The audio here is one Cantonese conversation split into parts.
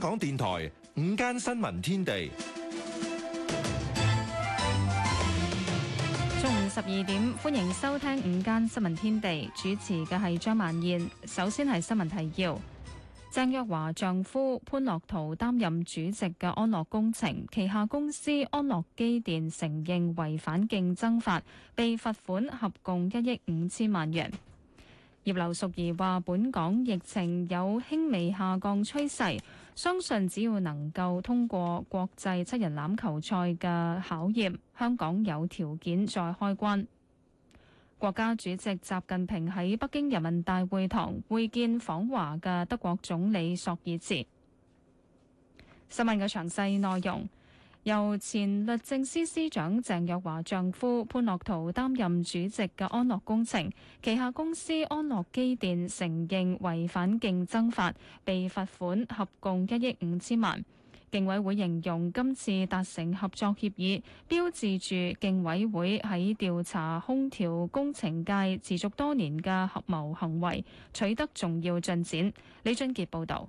香港電台午間新聞天地，中午十二點歡迎收聽午間新聞天地。主持嘅係張曼燕。首先係新聞提要：鄭若驊丈夫潘樂陶擔任主席嘅安樂工程旗下公司安樂機電承認違反競爭法，被罰款合共一億五千萬元。葉劉淑儀話：本港疫情有輕微下降趨勢。相信只要能夠通過國際七人欖球賽嘅考驗，香港有條件再開關。國家主席習近平喺北京人民大會堂會見訪華嘅德國總理索爾茨。新聞嘅詳細內容。由前律政司司長鄭若驊丈夫潘樂圖擔任主席嘅安樂工程旗下公司安樂機電承認違反競爭法，被罰款合共一億五千萬。競委會形容今次達成合作協議，標誌住競委會喺調查空調工程界持續多年嘅合謀行為取得重要進展。李俊傑報道，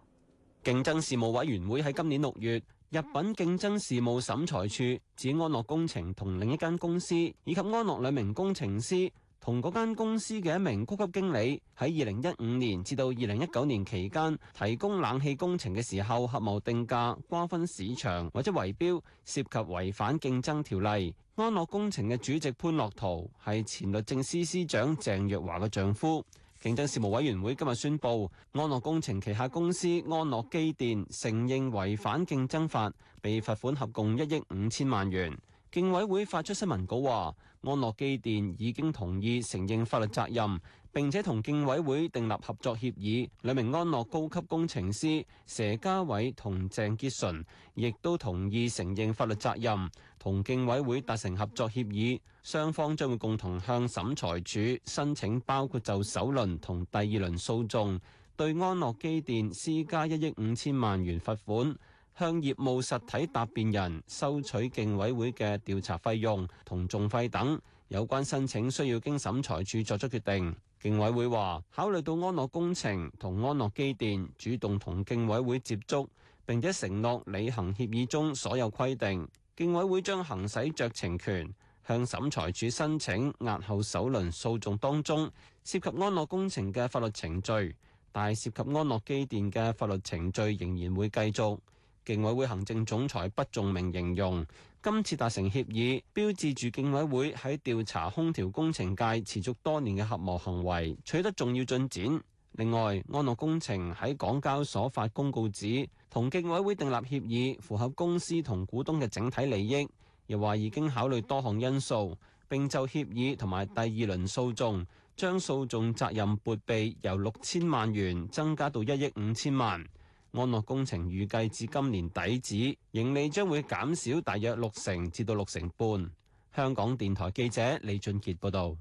競爭事務委員會喺今年六月，入稟競爭事務審裁處指安樂工程同另一間公司以及安樂兩名工程師同嗰間公司嘅一名高級經理喺二零一五年至到二零一九年期間提供冷氣工程嘅時候合謀定價、瓜分市場或者圍標，涉及違反競爭條例。安樂工程嘅主席潘樂圖係前律政司司，司長鄭若驊嘅丈夫。競爭事務委員會今日宣布，安樂工程旗下公司安樂機電承認違反競爭法，被罰款合共一億五千萬元。競委會發出新聞稿話，安樂機電已經同意承認法律責任，並且同競委會訂立合作協議。兩名安樂高級工程師佘嘉偉同鄭潔純亦都同意承認法律責任，同競委會達成合作協議。雙方將會共同向審裁處申請，包括就首輪同第二輪訴訟，對安樂機電施加一億五千萬元罰款。向業務實體答辯人收取競委會嘅調查費用同訟費等有關申請，需要經審裁處作出決定。競委會話，考慮到安樂工程同安樂機電主動同競委會接觸，並且承諾履行協議中所有規定，競委會將行使酌情權向審裁處申請押後首輪訴訟當中涉及安樂工程嘅法律程序，但係涉及安樂機電嘅法律程序仍然會繼續。競委會行政總裁畢仲明形容，今次達成協議，標誌住競委會喺調查空調工程界持續多年嘅合謀行為取得重要進展。另外，安樂工程喺港交所發公告指，同競委會訂立協議符合公司同股東嘅整體利益，又話已經考慮多項因素，並就協議同埋第二輪訴訟，將訴訟責任撥備由六千萬元增加到一億五千萬。安樂工程預計至今年底止，盈利將會減少大約六成至到六成半。香港電台記者李俊杰報道。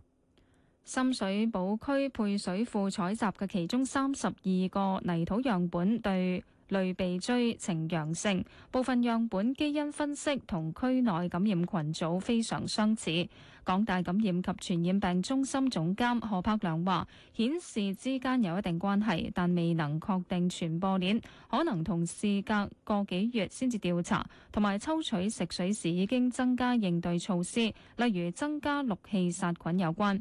深水埗區配水庫採集嘅其中三十二個泥土樣本對類鼻疽呈陽性，部分樣本基因分析同區內感染群組非常相似。港大感染及傳染病中心總監何柏良話：顯示之間有一定關係，但未能確定傳播鏈，可能同事隔個幾月先至調查，同埋抽取食水時已經增加應對措施，例如增加氯氣殺菌有關。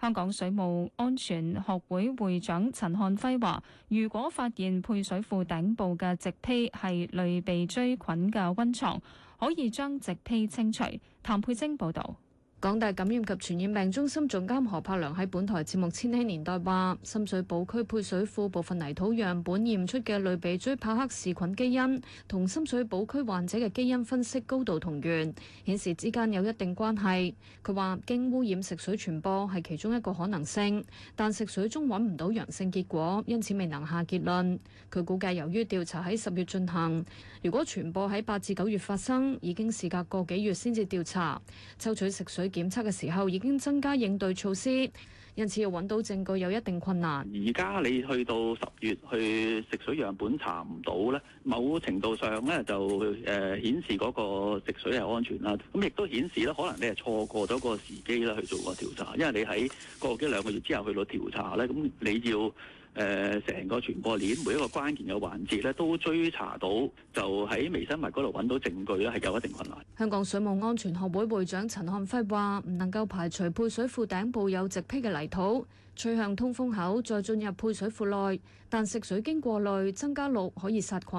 香港水務安全學會會，會長陳漢輝話：如果發現配水庫頂部嘅植被係類鼻疽菌嘅温床，可以將植被清除。譚佩晶報導。港大感染及傳染病中心總監何柏良喺本台節目《千禧年代》話：深水埗區配水庫部分泥土樣本驗出嘅類鼻疽伯克氏菌基因，同深水埗區患者嘅基因分析高度同源，顯示之間有一定關係。佢話經污染食水傳播係其中一個可能性，但食水中搵唔到陽性結果，因此未能下結論。佢估計由於調查喺十月進行，如果傳播喺八至九月發生，已經事隔個幾月先至調查，抽取食水。檢測嘅時候已經增加應對措施，因此要揾到證據有一定困難。而家你去到十月去食水樣本查唔到咧，某程度上咧就誒顯示嗰個食水係安全啦。咁亦都顯示咧，可能你係錯過咗個時機啦去做個調查，因為你喺過幾兩個月之後去到調查咧，咁你要。誒，成個傳播鏈每一個關鍵嘅環節咧，都追查到就喺微生物嗰度揾到證據咧，係有一定困難。香港水務安全學會會長陳漢輝話：唔能夠排除配水庫頂部有直披嘅泥土，吹向通風口再進入配水庫內，但食水經過濾增加氯可以殺菌。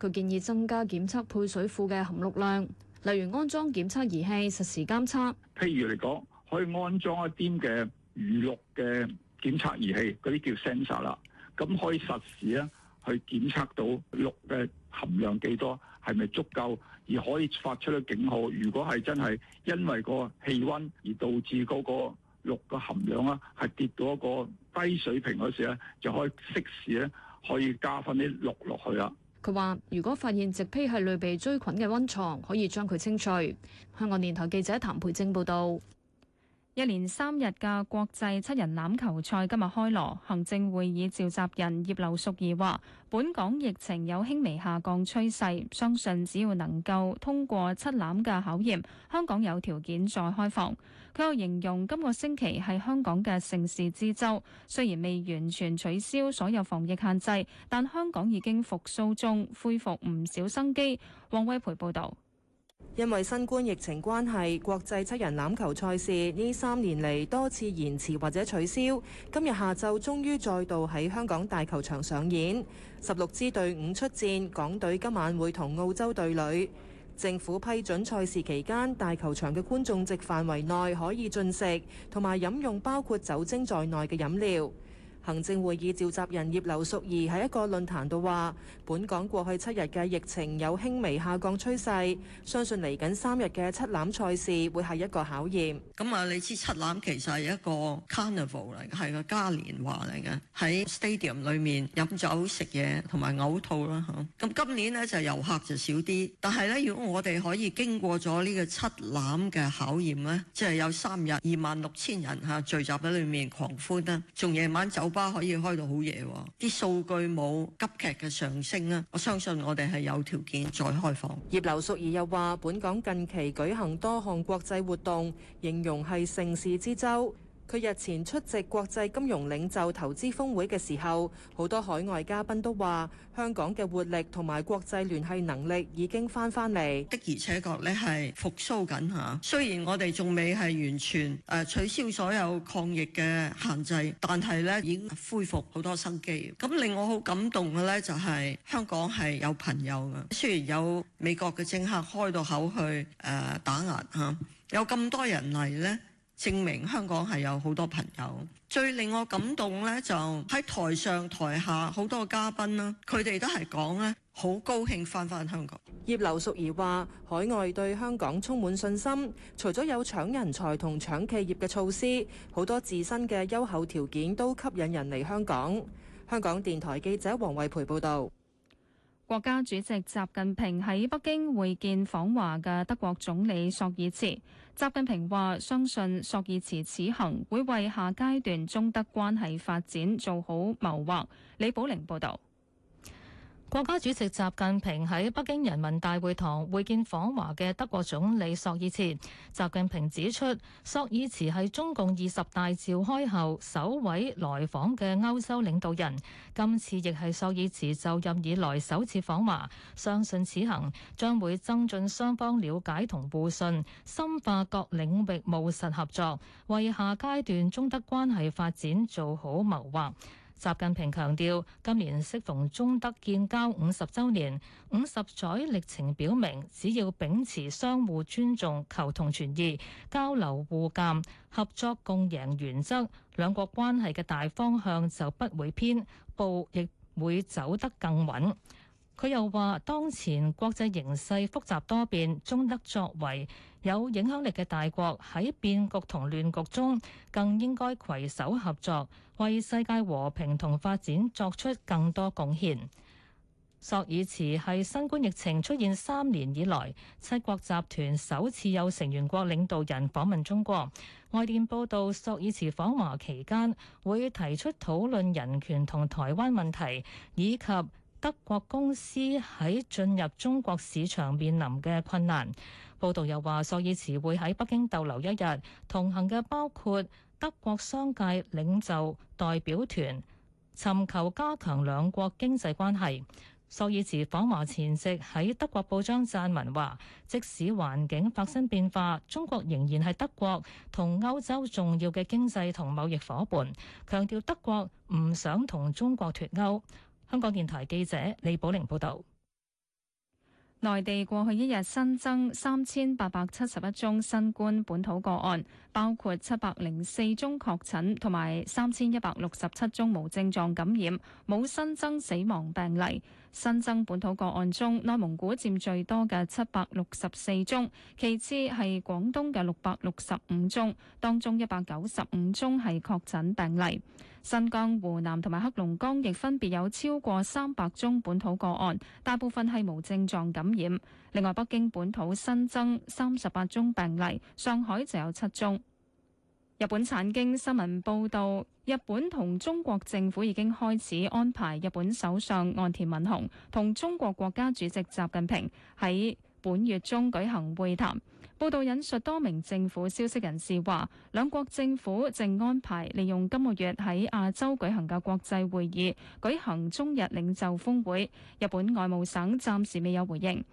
佢建議增加檢測配水庫嘅含氯量，例如安裝檢測儀器實時監測。譬如嚟講，可以安裝一啲嘅餘氯嘅。檢測儀器嗰啲叫 sensor 啦，咁可以實時咧去檢測到氯嘅含量幾多，係咪足夠而可以發出咧警號。如果係真係因為個氣溫而導致嗰個氯嘅含量啊，係跌到一個低水平嗰時，咧，就可以適時咧可以加翻啲氯落去啦。佢話如果發現直胚，係類鼻疽菌嘅溫床可以將佢清除。香港電台記者譚培晶報道。一連三日嘅國際七人欖球賽今日開鑼，行政會議召集人葉劉淑儀話：本港疫情有輕微下降趨勢，相信只要能夠通過七欖嘅考驗，香港有條件再開放。佢又形容今個星期係香港嘅盛事之周，雖然未完全取消所有防疫限制，但香港已經復甦中，恢復唔少生機。王威培報導。因為新冠疫情關係，國際七人欖球賽事呢三年嚟多次延遲或者取消，今日下晝終於再度喺香港大球場上演。十六支隊伍出戰，港隊今晚會同澳洲對壘。政府批准賽事期間，大球場嘅觀眾席範圍內可以進食同埋飲用，包括酒精在內嘅飲料。行政會議召集人葉劉淑儀喺一個論壇度話，本港過去七日嘅疫情有輕微下降趨勢，相信嚟緊三日嘅七欖賽事會係一個考驗。咁啊、嗯，你知七欖其實係一個 carnival 嚟，係個嘉年華嚟嘅，喺 stadium 裏面飲酒食嘢同埋嘔吐啦嚇。咁、嗯、今年呢，就遊客就少啲，但係呢，如果我哋可以經過咗呢個七欖嘅考驗呢，即、就、係、是、有三日二萬六千人嚇、啊、聚集喺裏面狂歡啦，仲夜晚走。花可以開到好夜，啲數據冇急劇嘅上升啊！我相信我哋係有條件再開放。葉劉淑儀又話：本港近期舉行多項國際活動，形容係盛事之都。佢日前出席國際金融領袖投資峰會嘅時候，好多海外嘉賓都話香港嘅活力同埋國際聯繫能力已經翻翻嚟，的而且確，咧係復甦緊吓，雖然我哋仲未係完全誒取消所有抗疫嘅限制，但係咧已經恢復好多生機，咁令我好感動嘅咧就係香港係有朋友嘅。雖然有美國嘅政客開到口去誒打壓吓，有咁多人嚟咧。證明香港係有好多朋友，最令我感動咧，就喺台上台下好多嘉賓啦，佢哋都係講咧，好高興返返香港。葉劉淑儀話：海外對香港充滿信心，除咗有搶人才同搶企業嘅措施，好多自身嘅優厚條件都吸引人嚟香港。香港電台記者黃惠培報導。國家主席習近平喺北京會見訪華嘅德國總理朔爾茨。習近平話：相信朔爾茨此行會為下階段中德關係發展做好謀劃。李保玲報導。國家主席習近平喺北京人民大會堂會見訪華嘅德國總理朔爾茨。習近平指出，朔爾茨係中共二十大召開後首位來訪嘅歐洲領導人，今次亦係朔爾茨就任以來首次訪華。相信此行將會增進雙方了解同互信，深化各領域務實合作，為下階段中德關係發展做好謀劃。習近平強調，今年適逢中德建交五十周年，五十載歷程表明，只要秉持相互尊重、求同存異、交流互鑒、合作共贏原則，兩國關係嘅大方向就不會偏，步亦會走得更穩。佢又話：當前國際形勢複雜多變，中德作為有影響力嘅大國，喺變局同亂局中，更應該攜手合作，為世界和平同發展作出更多貢獻。索爾茨係新冠疫情出現三年以來，七國集團首次有成員國領導人訪問中國。外電報道，索爾茨訪華期間會提出討論人權同台灣問題，以及德國公司喺進入中國市場面臨嘅困難。報道又話，索爾茨會喺北京逗留一日，同行嘅包括德國商界領袖代表團，尋求加強兩國經濟關係。索爾茨訪華前夕喺德國報章撰文話，即使環境發生變化，中國仍然係德國同歐洲重要嘅經濟同貿易伙伴，強調德國唔想同中國脫鈎。香港電台記者李寶玲報道：內地過去一日新增三千八百七十一宗新冠本土個案，包括七百零四宗確診同埋三千一百六十七宗無症狀感染，冇新增死亡病例。新增本土個案中，內蒙古佔最多嘅七百六十四宗，其次係廣東嘅六百六十五宗，當中一百九十五宗係確診病例。新疆、湖南同埋黑龍江亦分別有超過三百宗本土個案，大部分係無症狀感染。另外，北京本土新增三十八宗病例，上海就有七宗。日本產經新聞報道，日本同中國政府已經開始安排日本首相岸田文雄同中國國家主席習近平喺本月中舉行會談。報道引述多名政府消息人士話，兩國政府正安排利用今個月喺亞洲舉行嘅國際會議舉行中日領袖峰會。日本外務省暫時未有回應。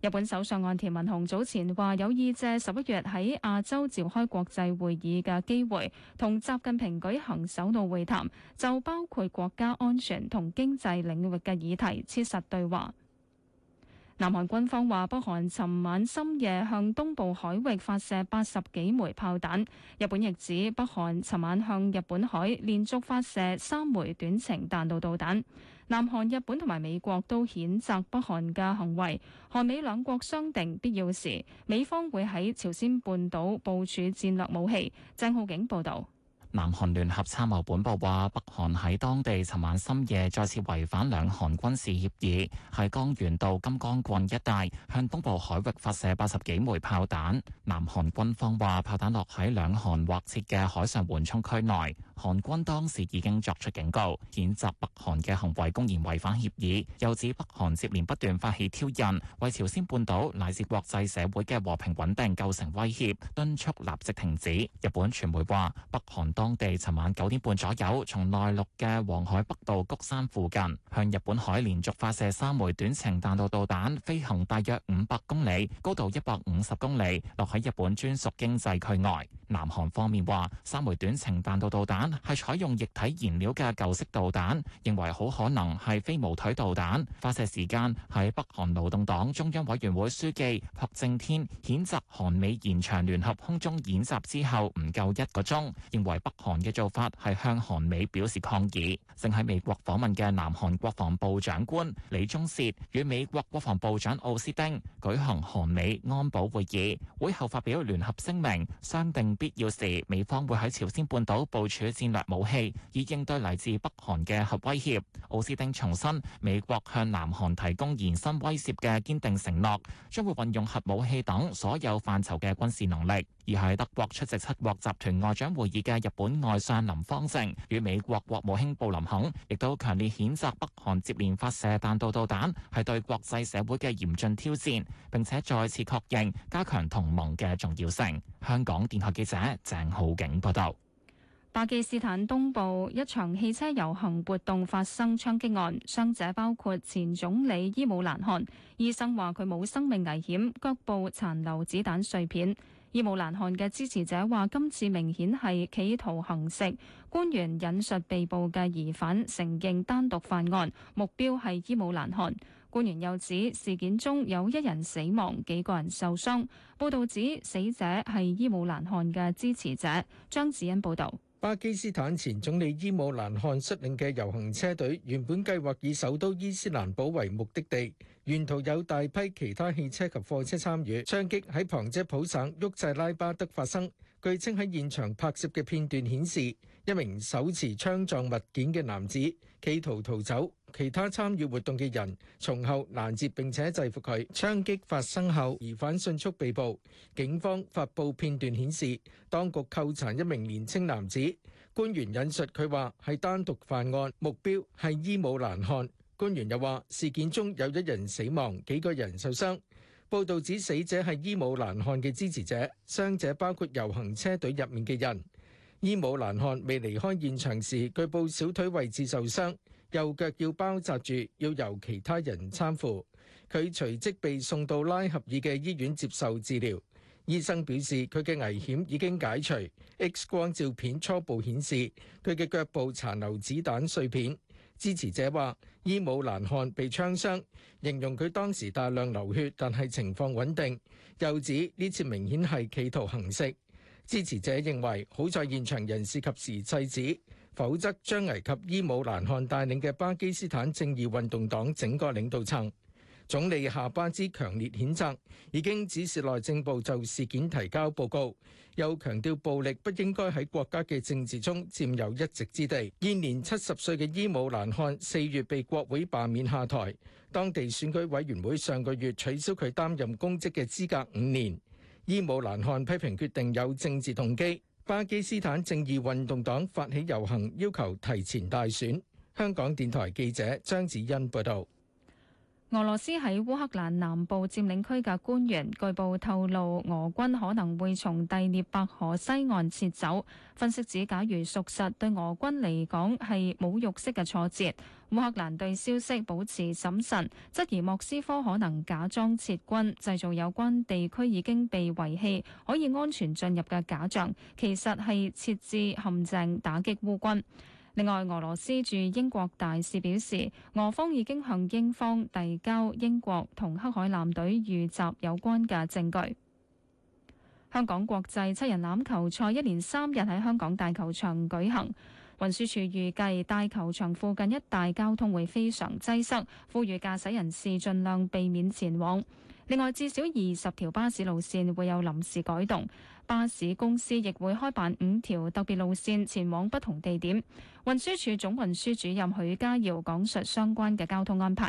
日本首相岸田文雄早前話有意借十一月喺亞洲召開國際會議嘅機會，同習近平舉行首腦會談，就包括國家安全同經濟領域嘅議題切實對話。南韓軍方話，北韓尋晚深夜向東部海域發射八十幾枚炮彈。日本亦指北韓尋晚向日本海連續發射三枚短程彈道導彈。南韓、日本同埋美國都譴責北韓嘅行為。韓美兩國商定，必要時美方會喺朝鮮半島部署戰略武器。鄭浩景報導。南韓聯合參謀本部話，北韓喺當地尋晚深夜再次違反兩韓軍事協議，喺江原道金剛郡一帶向東部海域發射八十幾枚炮彈。南韓軍方話，炮彈落喺兩韓劃設嘅海上緩衝區內。韓軍當時已經作出警告，譴責北韓嘅行為公然違反協議，又指北韓接連不斷發起挑釁，為朝鮮半島乃至國際社會嘅和平穩定構成威脅，敦促立即停止。日本傳媒話，北韓當地尋晚九點半左右，從內陸嘅黃海北道谷山附近，向日本海連續發射三枚短程彈道導彈，飛行大約五百公里，高度一百五十公里，落喺日本專屬經濟區外。南韓方面話，三枚短程彈道導彈。係採用液體燃料嘅舊式導彈，認為好可能係飛毛腿導彈。發射時間喺北韓勞動黨中央委員會書記朴正天譴責韓美延長聯合空中演習之後唔夠一個鐘，認為北韓嘅做法係向韓美表示抗議。正喺美國訪問嘅南韓國防部長官李鍾燮與美國國防部長奧斯汀舉行韓美安保會議，會後發表聯合聲明，商定必要時美方會喺朝鮮半島部署，戰略武器，以應對嚟自北韓嘅核威脅。奧斯汀重申美國向南韓提供延伸威懾嘅堅定承諾，將會運用核武器等所有範疇嘅軍事能力。而係德國出席七國集團外長會議嘅日本外相林芳正與美國國務卿布林肯，亦都強烈譴責北韓接連發射彈道導彈係對國際社會嘅嚴峻挑戰，並且再次確認加強同盟嘅重要性。香港電台記者鄭浩景報道。巴基斯坦東部一場汽車遊行活動發生槍擊案，傷者包括前總理伊姆蘭汗。醫生話，佢冇生命危險，腳部殘留子彈碎片。伊姆蘭汗嘅支持者話今次明顯係企圖行刺。官員引述被捕嘅疑犯承認單獨犯案，目標係伊姆蘭汗。官員又指事件中有一人死亡，幾個人受傷。報道指死者係伊姆蘭汗嘅支持者。張子欣報道。巴基斯坦前總理伊姆蘭汗率領嘅游行車隊原本計劃以首都伊斯蘭堡為目的地，沿途有大批其他汽車及貨車參與，槍擊喺旁遮普省沃濟拉巴德發生，據稱喺現場拍攝嘅片段顯示，一名手持槍狀物件嘅男子。企圖逃走，其他參與活動嘅人從後攔截，並且制服佢。槍擊發生後，疑犯迅速被捕。警方發布片段顯示，當局扣查一名年輕男子。官員引述佢話：係單獨犯案，目標係伊姆蘭汗。官員又話，事件中有一人死亡，幾個人受傷。報道指死者係伊姆蘭汗嘅支持者，傷者包括遊行車隊入面嘅人。伊姆蘭汗未離開現場時，據報小腿位置受傷，右腳要包紮住，要由其他人攙扶。佢隨即被送到拉合爾嘅醫院接受治療。醫生表示佢嘅危險已經解除。X 光照片初步顯示佢嘅腳部殘留子彈碎片。支持者話：伊姆蘭汗被槍傷，形容佢當時大量流血，但係情況穩定。又指呢次明顯係企圖行刺。支持者認為，好在現場人士及時制止，否則將危及伊姆蘭汗帶領嘅巴基斯坦正義運動黨整個領導層。總理夏巴茲強烈譴責，已經指示內政部就事件提交報告，又強調暴力不應該喺國家嘅政治中佔有一席之地。現年七十歲嘅伊姆蘭汗四月被國會罷免下台，當地選舉委員會上個月取消佢擔任公職嘅資格五年。伊姆蘭汗批評決定有政治動機，巴基斯坦正義運動黨發起遊行要求提前大選。香港電台記者張子欣報道。俄羅斯喺烏克蘭南部佔領區嘅官員據報透露，俄軍可能會從第聶伯河西岸撤走。分析指，假如屬實，對俄軍嚟講係侮辱式嘅挫折。烏克蘭對消息保持審慎，質疑莫斯科可能假裝撤軍，製造有關地區已經被遺棄、可以安全進入嘅假象，其實係設置陷阱打擊烏軍。另外，俄羅斯駐英國大使表示，俄方已經向英方遞交英國同黑海艦隊遇襲有關嘅證據。香港國際七人欖球賽一連三日喺香港大球場舉行，運輸處預計大球場附近一帶交通會非常擠塞，呼籲駕駛人士盡量避免前往。另外，至少二十條巴士路線會有臨時改動，巴士公司亦會開辦五條特別路線前往不同地點。運輸署總運輸主任許家耀講述相關嘅交通安排。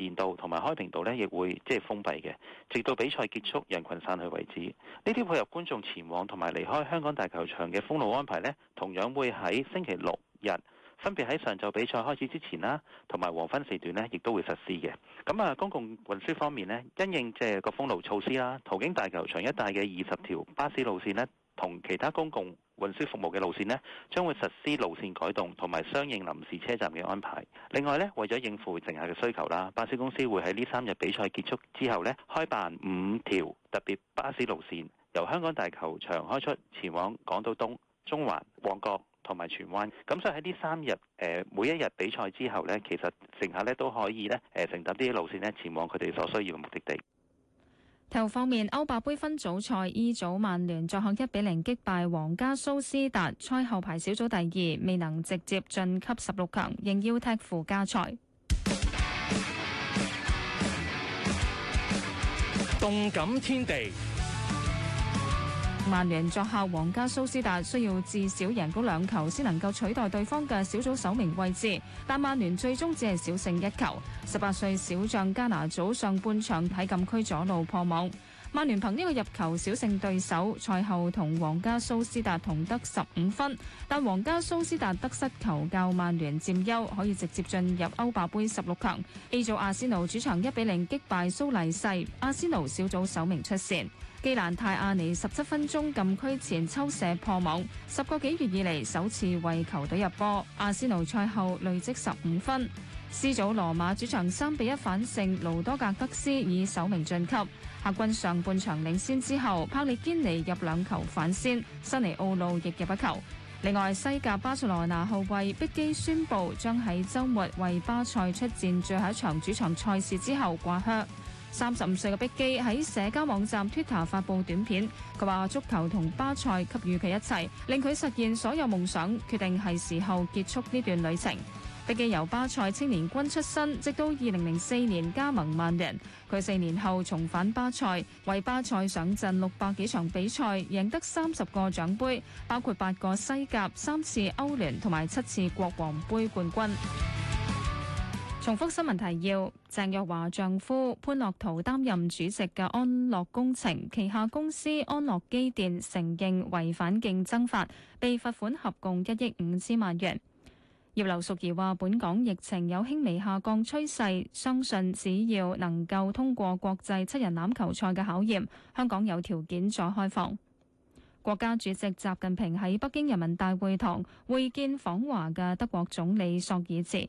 連道同埋開平道呢，亦會即係封閉嘅，直到比賽結束，人群散去為止。呢啲配合觀眾前往同埋離開香港大球場嘅封路安排呢，同樣會喺星期六日分別喺上晝比賽開始之前啦，同埋黃昏時段呢，亦都會實施嘅。咁啊，公共運輸方面呢，因應即係個封路措施啦，途經大球場一帶嘅二十條巴士路線呢，同其他公共運輸服務嘅路線呢，將會實施路線改動同埋相應臨時車站嘅安排。另外呢，為咗應付乘客嘅需求啦，巴士公司會喺呢三日比賽結束之後呢，開辦五條特別巴士路線，由香港大球場開出，前往港島東、中環、旺角同埋荃灣。咁所以喺呢三日誒、呃、每一日比賽之後呢，其實乘客呢都可以呢誒、呃、乘搭呢啲路線呢前往佢哋所需要嘅目的地。體育方面，歐霸杯分組賽，E 組曼聯作客一比零擊敗皇家蘇斯達，賽後排小組第二，未能直接晉級十六強，仍要踢附加賽。動感天地。曼聯作客皇家蘇斯達，需要至少贏高兩球先能夠取代對方嘅小組首名位置，但曼聯最終只係小勝一球。十八歲小將加拿祖上半場喺禁區左路破網。曼聯憑呢個入球小勝對手，賽後同皇家蘇斯達同得十五分，但皇家蘇斯達得失球較曼聯佔優，可以直接進入歐霸盃十六強。A 組阿仙奴主場一比零擊敗蘇黎世，阿仙奴小組首名出線。基蘭泰亞尼十七分鐘禁區前抽射破網，十個幾月以嚟首次為球隊入波。阿仙奴賽後累積十五分。師祖羅馬主場三比一反勝盧多格德斯，以首名晉級。客軍上半場領先之後，帕列堅尼入兩球反先，辛尼奧路亦入一球。另外，西甲巴塞羅那後衛碧基宣布將喺週末為巴塞出戰最後一場主場賽事之後掛靴。三十五歲嘅碧基喺社交網站 Twitter 發佈短片，佢話足球同巴塞給予佢一切，令佢實現所有夢想，決定係時候結束呢段旅程。世機由巴塞青年軍出身，直到二零零四年加盟曼聯。佢四年後重返巴塞，為巴塞上陣六百幾場比賽，贏得三十個獎盃，包括八個西甲、三次歐聯同埋七次國王盃冠軍。重複新聞提要：鄭若驊丈夫潘樂圖擔任主席嘅安樂工程旗下公司安樂機電承認違反競爭法，被罰款合共一億五千萬元。葉劉淑儀話，本港疫情有輕微下降趨勢，相信只要能夠通過國際七人欖球賽嘅考驗，香港有條件再開放。國家主席習近平喺北京人民大會堂會見訪華嘅德國總理索爾茨。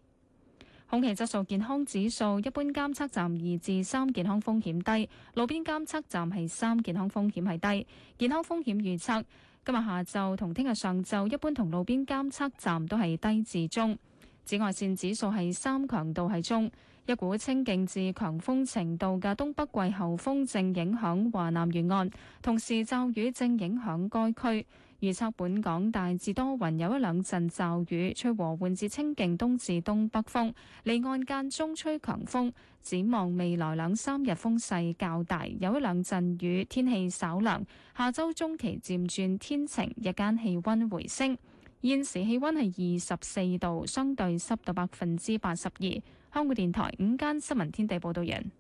空氣質素健康指數一般監測站二至三，健康風險低，路邊監測站係三，健康風險係低。健康風險預測。今日下晝同聽日上晝，一般同路邊監測站都係低至中，紫外線指數係三，強度係中。一股清勁至強風程度嘅東北季候風正影響華南沿岸，同時驟雨正影響該區。預測本港大致多雲，有一兩陣驟雨，吹和緩至清勁東至東北風，離岸間中吹強風。展望未來兩三日風勢較大，有一兩陣雨，天氣稍涼。下周中期漸轉天晴，日間氣溫回升。現時氣溫係二十四度，相對濕度百分之八十二。香港電台午間新聞天地報道人，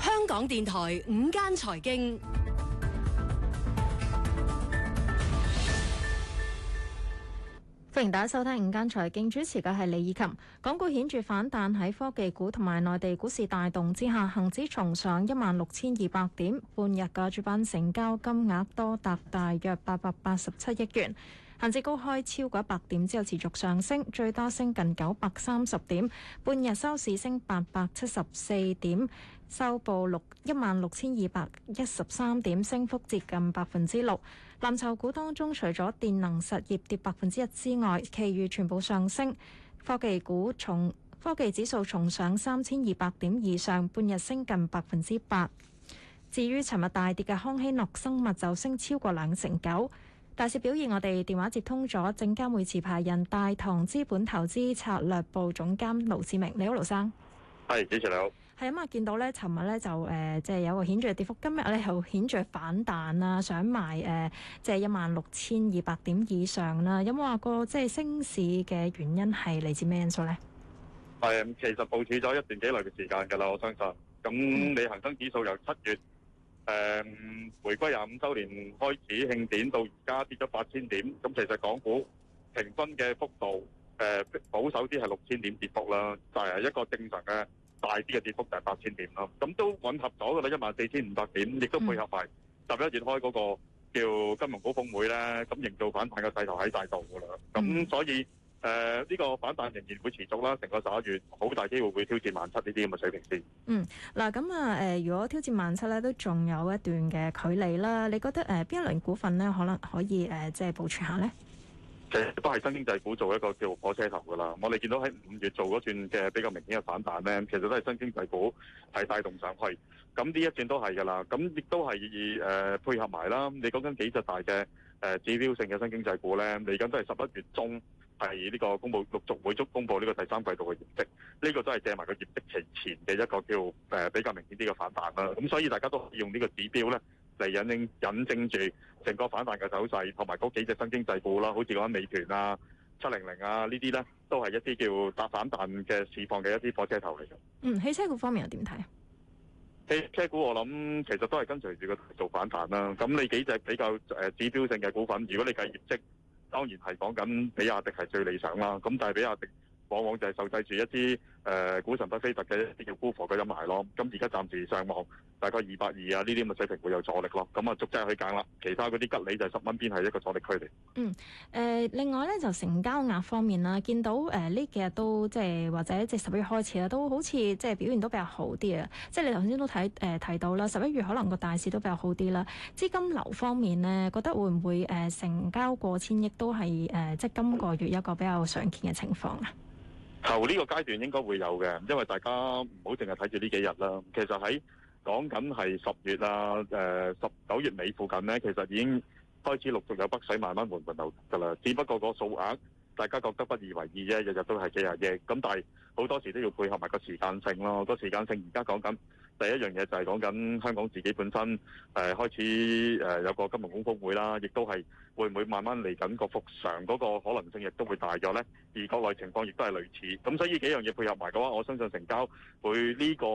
香港電台午間財經。歡迎大家收聽午間財經，主持嘅係李以琴。港股顯著反彈，喺科技股同埋內地股市帶動之下，恒指重上一萬六千二百點，半日嘅主板成交金額多達大約八百八十七億元。恆指高開超過一百點之後持續上升，最多升近九百三十點，半日收市升八百七十四點，收報六一萬六千二百一十三點，升幅接近百分之六。藍籌股當中，除咗電能實業跌百分之一之外，其餘全部上升。科技股從科技指數重上三千二百點以上，半日升近百分之八。至於尋日大跌嘅康希諾生物就升超過兩成九。大市表現，我哋電話接通咗證監會持牌人大同資本投資策略部總監盧志明，你好，盧生。係，主持，你好。係咁啊，見到咧，尋日咧就誒，即、呃、係、就是、有個顯著嘅跌幅，今日咧又顯著反彈啦，上埋誒即係一萬六千二百點以上啦。有冇話個即係升市嘅原因係嚟自咩因素咧？誒，其實部署咗一段幾耐嘅時間㗎啦，我相信。咁你恒生指數由七月。誒，回歸廿五周年開始慶典到而家跌咗八千點，咁其實港股平均嘅幅度誒保守啲係六千點跌幅啦，就係一個正常嘅大啲嘅跌幅就係八千點啦，咁都吻合咗噶啦，一萬四千五百點，亦都配合埋十一月開嗰個叫金融高峰會咧，咁營造反彈嘅勢頭喺大度噶啦，咁所以。誒呢個反彈仍然會持續啦，成個十一月好大機會會挑戰萬七呢啲咁嘅水平先。嗯，嗱咁啊誒，如果挑戰萬七咧，都仲有一段嘅距離啦。你覺得誒邊一輪股份咧，可能可以誒即係保住下咧？其實都係新經濟股做一個叫火車頭噶啦。我哋見到喺五月做嗰轉嘅比較明顯嘅反彈咧，其實都係新經濟股係帶動上去。咁呢一轉都係噶啦。咁亦都係誒配合埋啦。你講緊幾隻大嘅誒指標性嘅新經濟股咧，嚟緊都係十一月中。係呢個公布陸續會足公布呢個第三季度嘅業績，呢、這個都係借埋個業績期前嘅一個叫誒、呃、比較明顯啲嘅反彈啦、啊。咁所以大家都用呢個指標咧嚟引證引證住成個反彈嘅走勢，同埋嗰幾隻新經濟股啦、啊，好似講緊美團啊、七零零啊呢啲咧，都係一啲叫搭反彈嘅市況嘅一啲火車頭嚟嘅。嗯，汽車股方面又點睇？汽車股我諗其實都係跟隨住個做反彈啦、啊。咁你幾隻比較誒指標性嘅股份，如果你計業績。當然係講緊比亞迪係最理想啦，咁但係比亞迪往往就係受制住一啲。誒股神巴菲特嘅啲叫姑婆 f f 埋咯，咁而家暫時上網大概二百二啊，呢啲咁嘅水平會有阻力咯，咁啊逐隻去揀啦。其他嗰啲吉利就十蚊邊係一個阻力區嚟。嗯，誒、呃、另外咧就成交額方面啦，見到誒呢、呃、幾日都即係或者即係十一月開始啊，都好似即係表現都比較好啲啊。即係你頭先都睇誒、呃、提到啦，十一月可能個大市都比較好啲啦。資金流方面咧，覺得會唔會誒、呃、成交過千億都係誒、呃、即係今個月一個比較常見嘅情況啊？頭呢個階段應該會有嘅，因為大家唔好淨係睇住呢幾日啦。其實喺講緊係十月啊，誒，十九月尾附近呢，其實已經開始陸續有北水慢慢緩緩流噶啦。只不過個數額大家覺得不以為意啫，日日都係幾廿億。咁但係好多時都要配合埋個時間性咯，好多時間性而家講緊。第一樣嘢就係講緊香港自己本身，誒、呃、開始誒有個金融高峰會啦，亦都係會唔會慢慢嚟緊個復常嗰個可能性亦都會大咗呢。而國內情況亦都係類似，咁所以呢幾樣嘢配合埋嘅話，我相信成交會呢個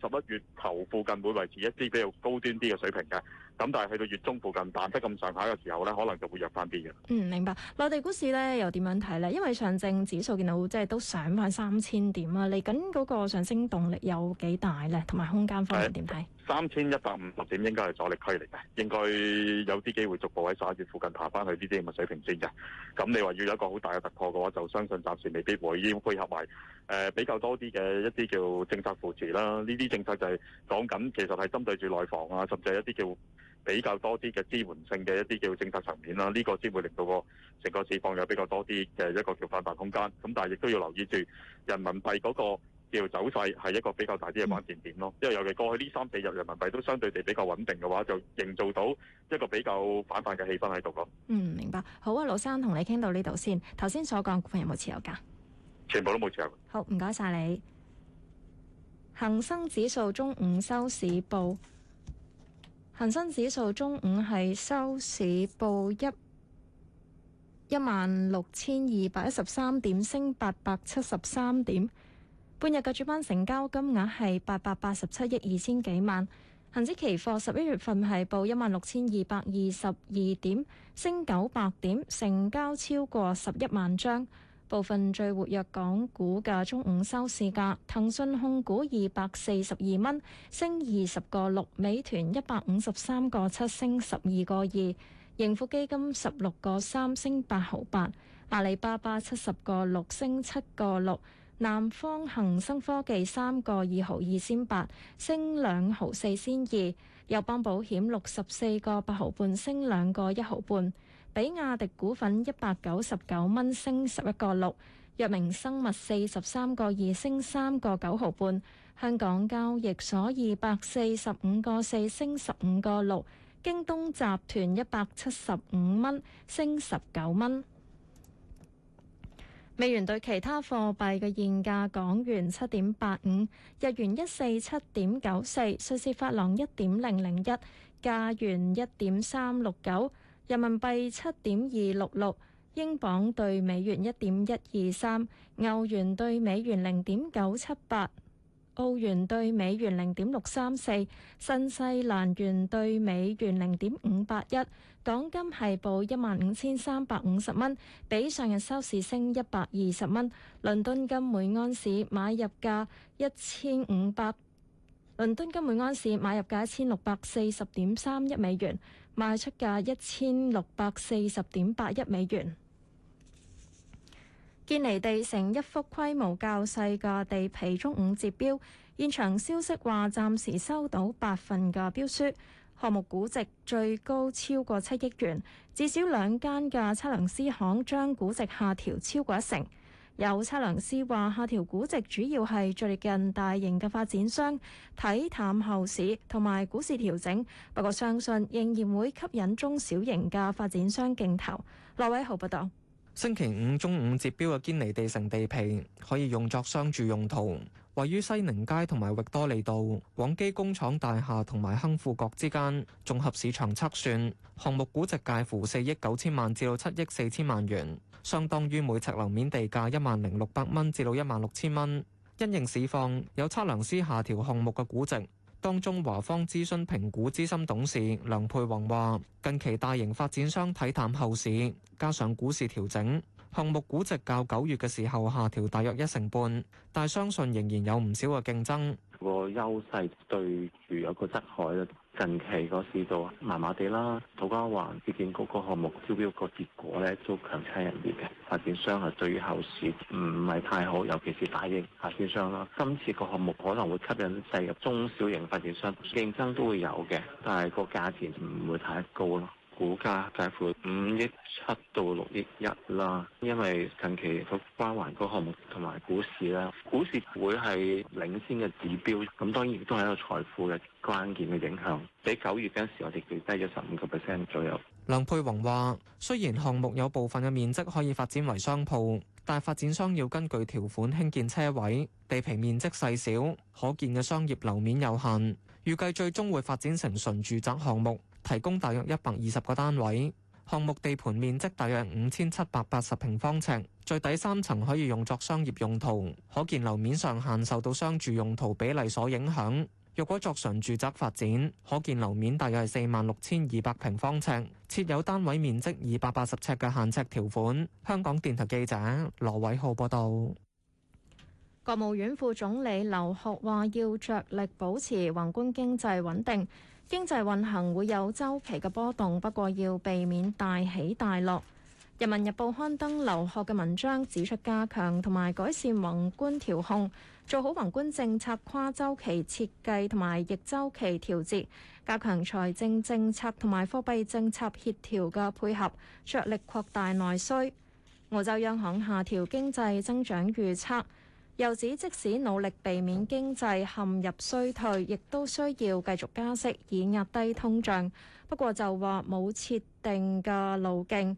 十一月頭附近會維持一啲比較高端啲嘅水平嘅。咁但係去到月中附近彈得咁上下嘅時候咧，可能就會弱翻啲嘅。嗯，明白。內地股市咧又點樣睇咧？因為上證指數見到即係都上翻三千點啊，嚟緊嗰個上升動力有幾大咧？同埋空間方面點睇？三千一百五十點應該係阻力區嚟嘅，應該有啲機會逐步喺三千點附近爬翻去呢啲咁嘅水平線嘅。咁、嗯、你話要有一個好大嘅突破嘅話，就相信暫時未必會。因為配合埋誒、呃、比較多啲嘅一啲叫政策扶持啦，呢啲政策就係講緊其實係針對住內房啊，甚至係一啲叫。比較多啲嘅支援性嘅一啲叫政策層面啦，呢個先會令到個成個市況有比較多啲嘅一個叫反彈空間。咁但係亦都要留意住人民幣嗰個叫走勢係一個比較大啲嘅關鍵點咯。嗯、因為尤其過去呢三四日人民幣都相對地比較穩定嘅話，就營造到一個比較反彈嘅氣氛喺度咯。嗯，明白。好啊，老生同你傾到呢度先。頭先所講股份有冇持有㗎？全部都冇持有。好，唔該晒你。恒生指數中午收市報。恒生指數中午係收市報一一萬六千二百一十三點，升八百七十三點。半日嘅主板成交金額係八百八十七億二千幾萬。恒指期貨十一月份係報一萬六千二百二十二點，升九百點，成交超過十一萬張。部分最活躍港股嘅中午收市價：騰訊控股二百四十二蚊，升二十個六；美團一百五十三個七，升十二個二；盈富基金十六個三，升八毫八；阿里巴巴七十個六，升七個六；南方恒生科技三個二毫二先八，升兩毫四先二；友邦保險六十四個八毫半，升兩個一毫半。比亞迪股份一百九十九蚊，升十一個六，藥明生物四十三個二，升三個九毫半。香港交易所二百四十五個四，升十五個六，京東集團一百七十五蚊，升十九蚊。美元對其他貨幣嘅現價：港元七點八五，日元一四七點九四，瑞士法郎一點零零一，加元一點三六九。人民幣七點二六六，英鎊對美元一點一二三，歐元對美元零點九七八，澳元對美元零點六三四，新西蘭元對美元零點五八一。港金係報一萬五千三百五十蚊，比上日收市升一百二十蚊。倫敦金每安士買入價一千五百，倫敦金每安士買入價一千六百四十點三一美元。賣出價一千六百四十點八一美元。堅尼地城一幅規模較細嘅地皮中午截標，現場消息話暫時收到八份嘅標書，項目估值最高超過七億元，至少兩間嘅測量師行將估值下調超過一成。有測量師話，下調估值主要係最近大型嘅發展商睇淡後市同埋股市調整，不過相信仍然會吸引中小型嘅發展商競投。羅偉豪報導，星期五中午接標嘅堅尼地城地皮可以用作商住用途。位於西寧街同埋域多利道、廣基工廠大廈同埋亨富閣之間綜合市場測算，項目估值介乎四億九千萬至到七億四千萬元，相當於每尺樓面地價一萬零六百蚊至到一萬六千蚊。因應市況，有測量師下調項目嘅估值。當中華方諮詢評估資深董事梁佩宏話：近期大型發展商睇淡後市，加上股市調整。項目估值較九月嘅時候下調大約一成半，但係相信仍然有唔少嘅競爭。個優勢對住有個側海啊，近期個市道麻麻地啦。土瓜灣發展局個項目招標個結果咧都強差人意嘅，發展商係對於後市唔係太好，尤其是大型發展商啦。今次個項目可能會吸引進入中小型發展商，競爭都會有嘅，但係個價錢唔會太高咯。股價介乎五億七到六億一啦，因為近期佢關環個項目同埋股市啦，股市會係領先嘅指標，咁當然亦都係一個財富嘅關鍵嘅影響，比九月嗰陣時我，我哋跌低咗十五個 percent 左右。梁佩宏話，雖然項目有部分嘅面積可以發展為商鋪，但發展商要根據條款興建車位，地皮面積細小，可見嘅商業樓面有限，預計最終會發展成純住宅項目。提供大約一百二十個單位，項目地盤面積大約五千七百八十平方尺，最底三層可以用作商業用途，可建樓面上限受到商住用途比例所影響，若果作純住宅發展，可建樓面大約係四萬六千二百平方尺，設有單位面積二百八十尺嘅限尺條款。香港電台記者羅偉浩報道。國務院副總理劉鶴話：要着力保持宏觀經濟穩定。經濟運行會有周期嘅波動，不過要避免大起大落。人民日報刊登劉鶴嘅文章，指出加強同埋改善宏觀調控，做好宏觀政策跨週期設計同埋逆週期調節，加強財政政策同埋貨幣政策協調嘅配合，着力擴大內需。澳洲央行下調經濟增長預測。又指，即使努力避免經濟陷入衰退，亦都需要繼續加息以壓低通脹，不過就話冇設定嘅路徑，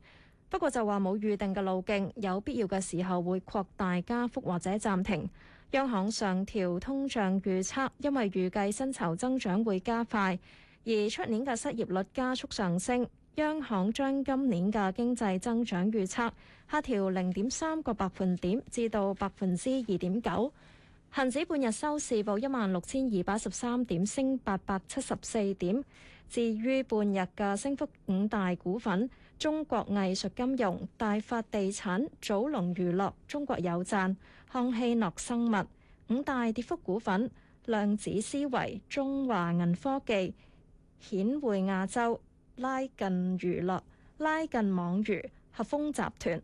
不過就話冇預定嘅路徑，有必要嘅時候會擴大加幅或者暫停。央行上調通脹預測，因為預計薪酬增長會加快，而出年嘅失業率加速上升。央行將今年嘅經濟增長預測下調零點三個百分點，至到百分之二點九。恆指半日收市報一萬六千二百一十三點，升八百七十四點。至於半日嘅升幅五大股份：中國藝術金融、大發地產、祖龍娛樂、中國有贊、康希諾生物；五大跌幅股份：量子思維、中華銀科技、顯匯亞洲。拉近娛樂，拉近網娛，合豐集團。